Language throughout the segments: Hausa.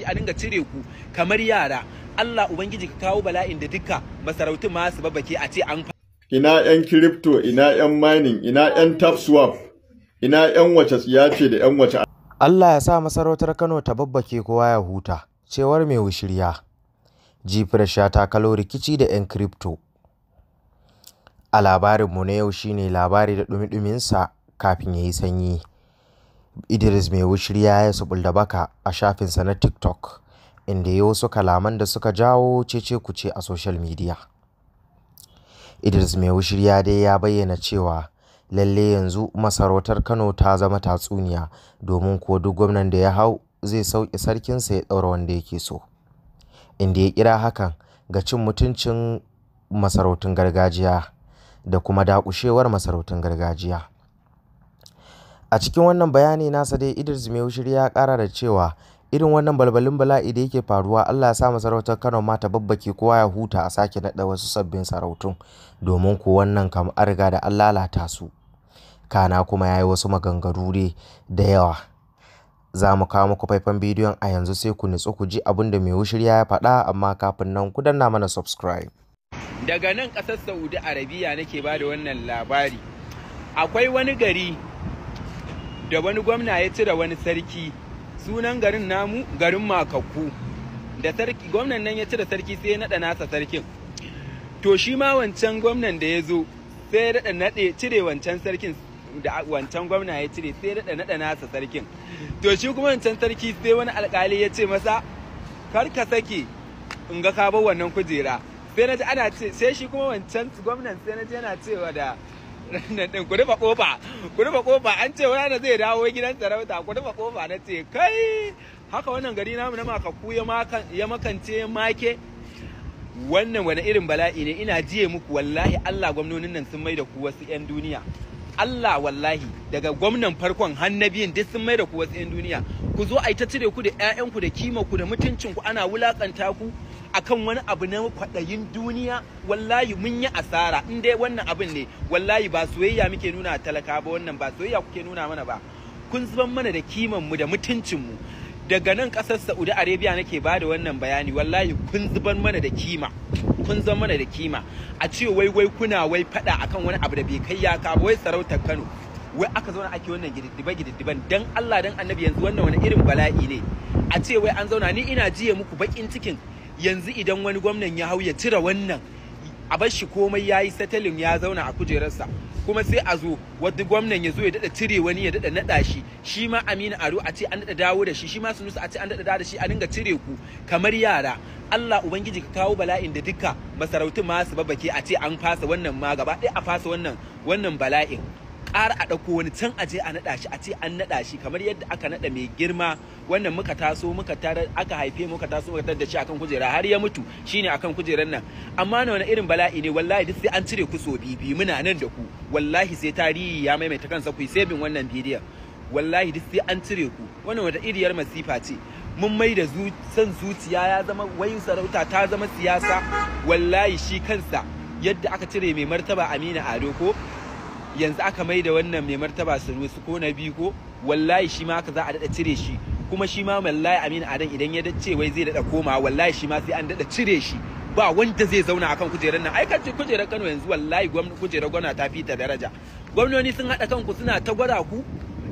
shi a dinga cire ku kamar yara Allah ubangiji ka kawo bala'in da duka masarautun ma su babbake a ce an ina yan crypto ina yan mining ina yan tap swap ina yan wace tsiya ce da yan wace Allah ya sa masarautar Kano ta babbake kowa ya huta cewar mai wushirya sha ta kalo rikici da yan crypto a labarinmu na yau shine labari da dumi-duminsa kafin ya yi sanyi Idris Mai Wushirya ya subulda baka a shafinsa na TikTok inda ya wasu kalaman da suka jawo cece kuce a social media. Idris Mai Wushirya dai ya bayyana cewa lalle yanzu masarautar Kano ta zama tatsuniya domin ko duk gwamnan da ya hau zai sauke sarkinsa ya ɗaura wanda yake so. Inda ya kira hakan ga cin mutuncin masarautun gargajiya da kuma daƙushewar masarautun gargajiya. A cikin wannan bayani nasa dai Idris shirya ya kara da cewa irin wannan balbalin bala'i da yake faruwa Allah ya sa masarautar Kano mata ta babbake kowa ya huta a sake naɗa wasu sabbin sarautun domin ko wannan kam an riga da an lalata su. Kana kuma ya yi wasu maganganu dai da yawa. Za mu kawo muku faifan bidiyon a yanzu sai ku nutsu ku ji abin da shirya ya faɗa amma kafin nan ku danna mana subscribe. Daga nan ƙasar Saudi Arabiya nake ba da wannan labari. Akwai wani gari da wani gwamna ya cire wani sarki sunan garin namu garin makakku da sarki gwamnan nan ya cire sarki sai ya naɗa nasa sarkin to shi ma wancan gwamnan da ya zo sai ya nada nade cire wancan sarkin da wancan gwamna ya cire sai ya nada naɗa nasa sarkin to shi kuma wancan sarki sai wani alƙali ya ce masa kar ka sake in ga ka bar wannan kujera sai na ji ana ce sai shi kuma wancan gwamnan sai na ji yana cewa da din ku rufe kofa ku rufe kofa an ce wani zai dawo gidan sarauta ku rufe kofa na ce kai haka wannan gari namu na makaku ya makance make wannan wani irin bala'i ne ina jiye muku wallahi Allah gwamnonin nan sun mai da ku wasu 'yan duniya Allah wallahi daga gwamnan farkon hannabiyin duk sun mai da ku wasu 'yan duniya ku zo a yi ta cire ku da 'ya'yanku da kima ku da mutuncinku ana wulakanta ku akan wani abu na kwaɗayin duniya wallahi mun yi asara in dai wannan abin ne wallahi ba soyayya muke nuna talaka ba wannan ba soyayya kuke nuna mana ba kun zuban mana da kiman mu da mutuncin mu daga nan ƙasar Saudi Arabia nake ba da wannan bayani wallahi kun zuban mana da kima kun zuban mana da kima a ce wai wai kuna wai faɗa akan wani abu da bai kai ya ka wai sarautar Kano wai aka zauna ake wannan gididdiba gididdiban dan Allah dan Annabi yanzu wannan wani irin bala'i ne a ce wai an zauna ni ina jiye muku bakin cikin yanzu idan wani gwamnan ya hau ya cire wannan a bar shi komai ya yi settling ya zauna a kujerarsa kuma sai a zo wadda gwamnan ya zo ya dada cire wani ya dada nada shi shi ma Aminu Ado a ce an dada dawo da shi shi ma sunusa a ce an dada dawo da shi a dinga cire ku kamar yara Allah ubangiji ka kawo bala'in da duka masarautun ma su babbake a ce an fasa wannan ma gaba ɗaya a fasa wannan wannan bala'in ƙara a ɗauko wani can aje a naɗa shi a ce an naɗa shi kamar yadda aka naɗa mai girma wannan muka taso muka tarar aka haife muka taso muka tarar da shi akan kujera har ya mutu shine akan kujerar nan amma na wani irin bala'i ne wallahi duk sai an cire ku so bibi muna nan da ku wallahi sai tarihi ya maimaita kansa ku sai bin wannan bidiyo wallahi duk sai an cire ku wannan wata iriyar masifa ce mun mai da san zuciya ya zama wai sarauta ta zama siyasa wallahi shi kansa yadda aka cire mai martaba Amina Ado ko yanzu aka mai da wannan mai martaba su ko na biyu ko wallahi shi ma aka za a daɗa cire shi kuma shi ma wallahi aminu adan idan ya dace wai zai daɗa koma wallahi shi ma sai an daɗa cire shi ba wanda zai zauna akan kujerar nan aikar kujerar kano yanzu wallahi kujerar gwamna ta fita daraja gwamnoni sun haɗa kanku suna ta gwada ku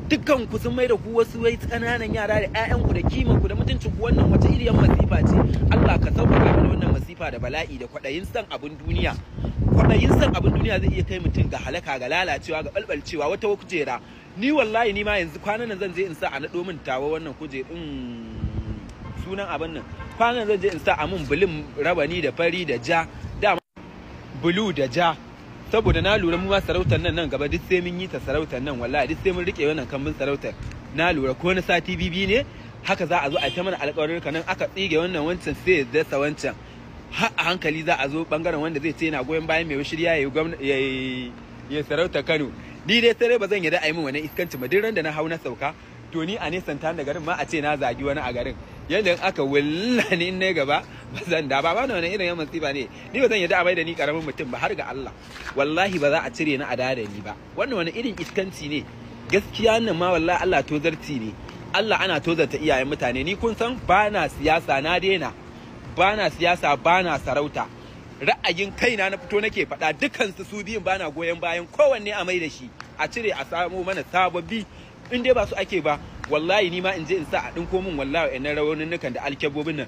dukkan ku sun maida ku wasu wai tsananan yara da ƴaƴan ku da kiman ku da mutuncin ku wannan wata iriyar masifa ce Allah ka sauƙaƙa mana wannan masifa da bala'i da kwaɗayin san abin duniya kwaɗayin san abin duniya zai iya kai mutum ga halaka ga lalacewa ga ɓalɓalcewa wata kujera ni wallahi ni ma yanzu kwanan nan zan je in sa a naɗo min tawa wannan kuje in sunan abin nan kwanan zan je in sa a min bulin rabani da fari da ja da bulu da ja saboda na lura mu ma sarautar nan nan gaba duk sai mun yi ta sarautar nan wallahi duk sai mun rike wannan kambun sarautar na lura ko na sati bibi ne haka za a zo a ta mana alƙawarin nan aka tsige wannan wancan sai ya dasa wancan har a hankali za a zo bangaren wanda zai ce yana goyon bayan mai shirya ya yi sarauta Kano ni dai sai ba zan yi a yi min wani iskanci ma duk randa na hau na sauka to ni a nesan ta da garin ma a ce na zagi wani a garin yadda aka wulla ni in na gaba ba zan da ba bana wani irin yan masifa ne ni ba zan yi a bai da ni karamin mutum ba har ga Allah wallahi ba za a cire ni a da ni ba wannan wani irin iskanci ne gaskiya nan ma wallahi Allah tozarci ne Allah ana tozarta iyayen mutane ni kun san ba na siyasa na daina bana siyasa bana sarauta ra'ayin kaina na fito nake faɗa dukansu su biyun bana goyon bayan kowanne a mai da shi a cire a samo mana sababbi in dai ba su ake ba wallahi ni ma in je in sa a ɗinko min wallahi ina raununukan da alkyabobin nan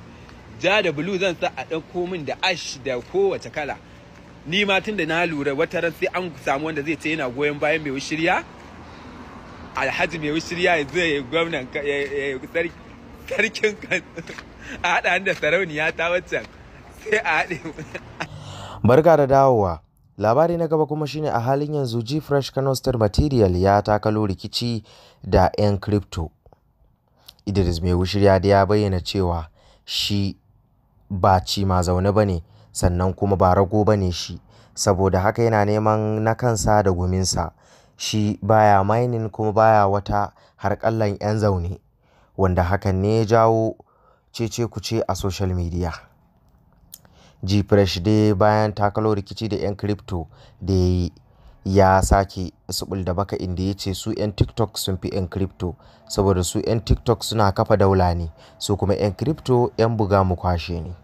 ja da bulu zan sa a ɗinko min da ash da kowace kala ni ma tun da na lura wata ran sai an samu wanda zai ce yana goyon bayan mai shirya alhaji mai shirya ya zai gwamnan sarkin a haɗa da sarauniya ta waccan sai a haɗe barka da dawowa labari na gaba kuma shine a halin yanzu g fresh kano star material ya takalo rikici da 'yan crypto idris mai wushirya da ya bayyana cewa shi ba ci ma zaune ba ne sannan kuma ba rago ba ne shi saboda haka yana neman na kansa da guminsa shi baya mining kuma baya wata harƙallan 'yan zaune wanda hakan ne ya jawo cece ce a social media. Gfresh dai bayan takalo rikici da 'yan crypto da ya sake subul da baka inda ya ce su 'yan TikTok sun fi 'yan crypto saboda su 'yan TikTok suna kafa daula ne su kuma 'yan crypto 'yan buga mu kwashe ne.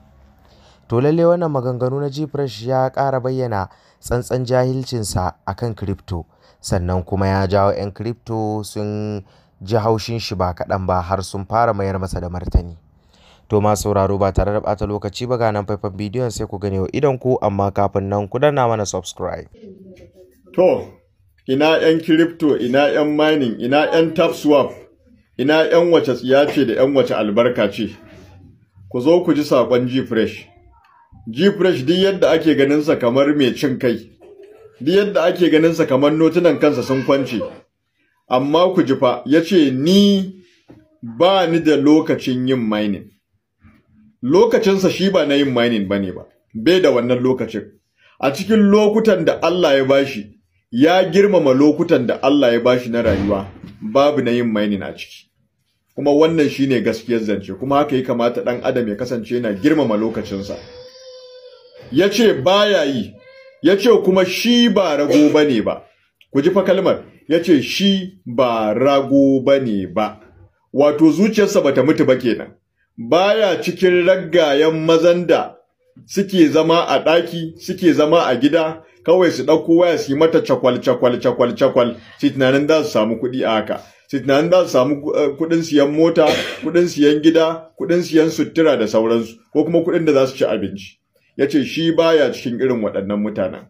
To lalle wannan maganganu na Gfresh ya kara bayyana tsantsan jahilcinsa akan crypto sannan kuma ya jawo 'yan crypto sun ji haushin shi ba kaɗan ba har sun fara mayar masa da martani. To ma sauraro ba tare da bata lokaci ba ga nan faifan bidiyon sai ku gane wa idan ku amma kafin nan ku danna mana subscribe. To ina yan crypto ina yan mining ina yan tap swap ina yan wace tsiya ce da yan wace albarka ce. Ku zo ku ji sakon G-Fresh. G-Fresh duk yadda ake ganin sa kamar mai cin kai. Duk yadda ake ganin sa kamar notunan kansa sun kwance. Amma ku ji fa yace ni ba ni da lokacin yin mining. lokacinsa shi ba na yin mainin mining ne ba bai da wannan lokacin a cikin lokutan da Allah ya bashi ya girmama lokutan da Allah ya bashi na rayuwa babu na yin mainin a ciki kuma wannan shine gaskiyar zance kuma haka ya kamata ɗan adam ya kasance yana girmama lokacinsa yace baya yi yace kuma shi ba rago bane ba ku ji fakalmar kalmar yace shi ba rago bane ba wato zuciyarsa bata mutu ba kenan baya cikin raggayen mazan da suke zama a ɗaki suke zama a gida kawai su ɗauko waya su yi mata cakwal cakwal cakwal cakwal sai tunanin za su samu kuɗi a haka sai tunanin za su samu eh, kuɗin siyan mota kuɗin siyan gida kuɗin siyan sutura da sauransu ko kuma kuɗin da za su ci abinci ya ce shi baya cikin irin waɗannan mutanen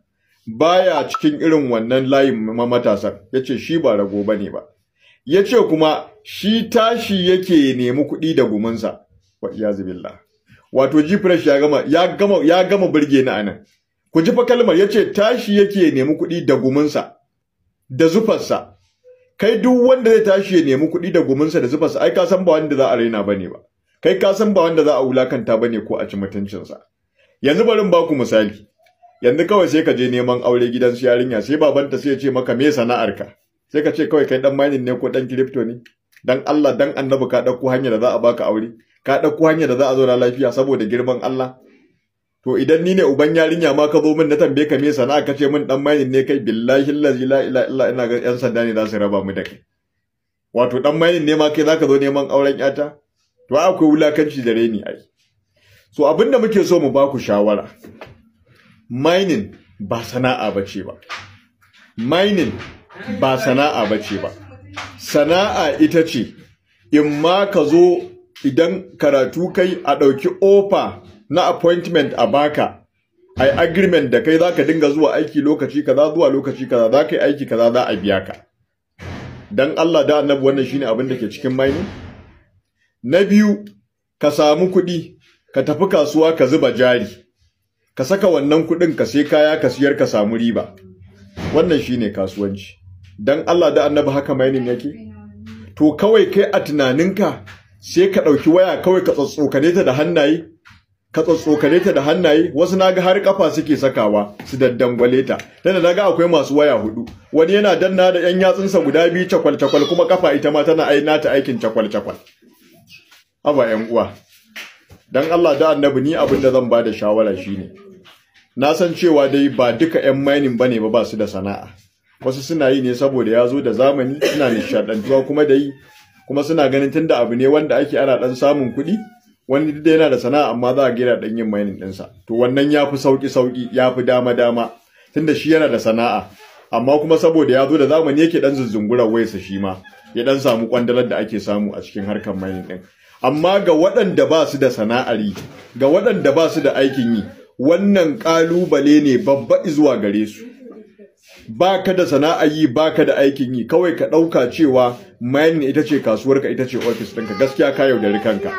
baya cikin irin wannan layin matasan ya ce shi ba rago ba ne ba ya ce kuma shi tashi yake nemi kuɗi da gumunsa. wa iyazu wato jifresh ya gama ya gama ya gama burge ni anan ku ji fa kalmar yace tashi yake nemi kuɗi da gumunsa da zufarsa kai duk wanda zai tashi ya nemi kuɗi da gumunsa da zufarsa ai ka san ba wanda za a raina bane ba kai ka san ba wanda za a wulakanta bane ko a ci mutuncinsa yanzu bari in baku misali yanzu kawai sai ka je neman aure gidan su yarinya sai babanta sai ya ce maka me sana'arka sai ka ce kawai kai dan mining ne ko dan crypto ne dan Allah dan annabi ka dauko hanya da za a baka aure ka ɗauko hanyar da za a zauna lafiya saboda girman Allah to idan ni ne uban yarinya ma ka zo min na tambaye ka me sana'a ka ce min dan mayin ne kai billahi allazi la ila illa ina ga yan sanda ne za su raba mu da kai wato ɗan mayin ne ma kai za ka zo neman auren yata to a akwai wulakanci da reni ai so da muke so mu ba ku shawara mining ba sana'a bace ba mining ba sana'a bace ba sana'a ita ce in ma ka zo idan karatu kai a ɗauki ofa na appointment a baka a agreement da kai za ka dinga zuwa aiki lokaci kaza zuwa lokaci kaza za ka yi aiki kaza za a biya ka Don Allah da annabi wannan shine abin da ke cikin maini na biyu ka samu kuɗi ka tafi kasuwa ka zuba jari ka saka wannan kuɗin ka sai kaya ka siyar ka samu riba wannan shine kasuwanci Don Allah da annabi haka mainin yake to kawai kai a tunaninka sai ka ɗauki waya kawai ka tsotsokane ta da hannaye ka tsotsokane ta da hannaye wasu naga har kafa suke sakawa su daddangwale ta tana naga akwai masu waya hudu wani yana danna da yan yatsunsa guda biyu cakwal cakwal kuma kafa ita ma tana aina ta aikin cakwal cakwal Aba yan uwa dan Allah da annabi ni abin da zan bada shawara shine na san cewa dai ba duka yan mining bane ba ba su da sana'a wasu suna yi ne saboda ya zo da zamani suna nishadantuwa kuma da yi kuma suna ganin tunda abu ne wanda ake ana dan samun kuɗi wani duk yana da sana'a amma za a gera dan yin mining ɗinsa to wannan ya fi sauki sauki ya fi dama dama tunda shi yana da sana'a amma kuma saboda ya zo da zamani yake dan zuzzungurar wayarsa shi ma ya dan samu kwandalar da ake samu a cikin harkar mining ɗin amma ga waɗanda ba su da sana'ar yi ga waɗanda ba su da aikin yi wannan ƙalubale ne babba zuwa gare su ba ka da sana'a yi ba ka da aikin yi kawai ka ɗauka cewa mayan ita ce kasuwar ka ita ce ofis ɗinka gaskiya ka yaudari kanka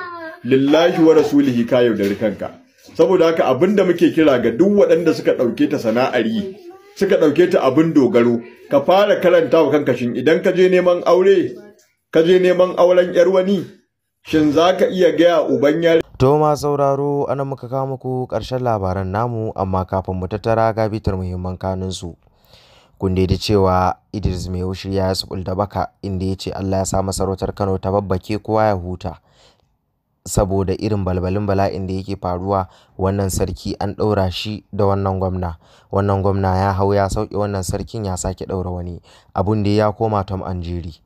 lillahi wa rasulihi ka yaudari kanka saboda haka abin da muke kira ga duk waɗanda suka ɗauke ta sana'ar yi suka ɗauke ta abin dogaro ka fara karanta wa kanka shin idan ka je neman aure ka je neman auren yar wani shin za ka iya gaya uban yare to ma sauraro ana muka kawo muku ƙarshen labaran namu amma kafin mu tattara ga bitar muhimman kanunsu kun da cewa Idris mai shirya ya subulta baka inda ya ce Allah ya sa masarautar Kano ta babbake kowa ya huta saboda irin balbalin bala'in da yake faruwa wannan sarki an ɗaura shi da wannan gwamna wannan gwamna ya hau ya sauke wannan sarkin ya sake ɗaura wani abun da ya koma tom anjiri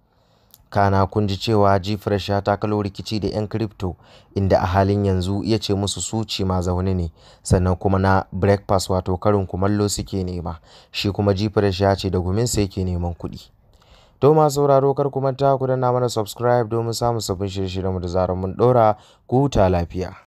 Kana kun ji cewa jifresh ya takalo rikici da 'yan crypto inda a halin yanzu ya ce musu suci ma zaune ne sannan kuma na breakfast wato karin kumallo suke nema shi kuma jifresh ya ce da guminsa yake neman kuɗi. To ma sauraro kar ku manta ku danna mana subscribe domin samun sabbin shirye-shiryenmu da zarar mun ɗora ku ta lafiya.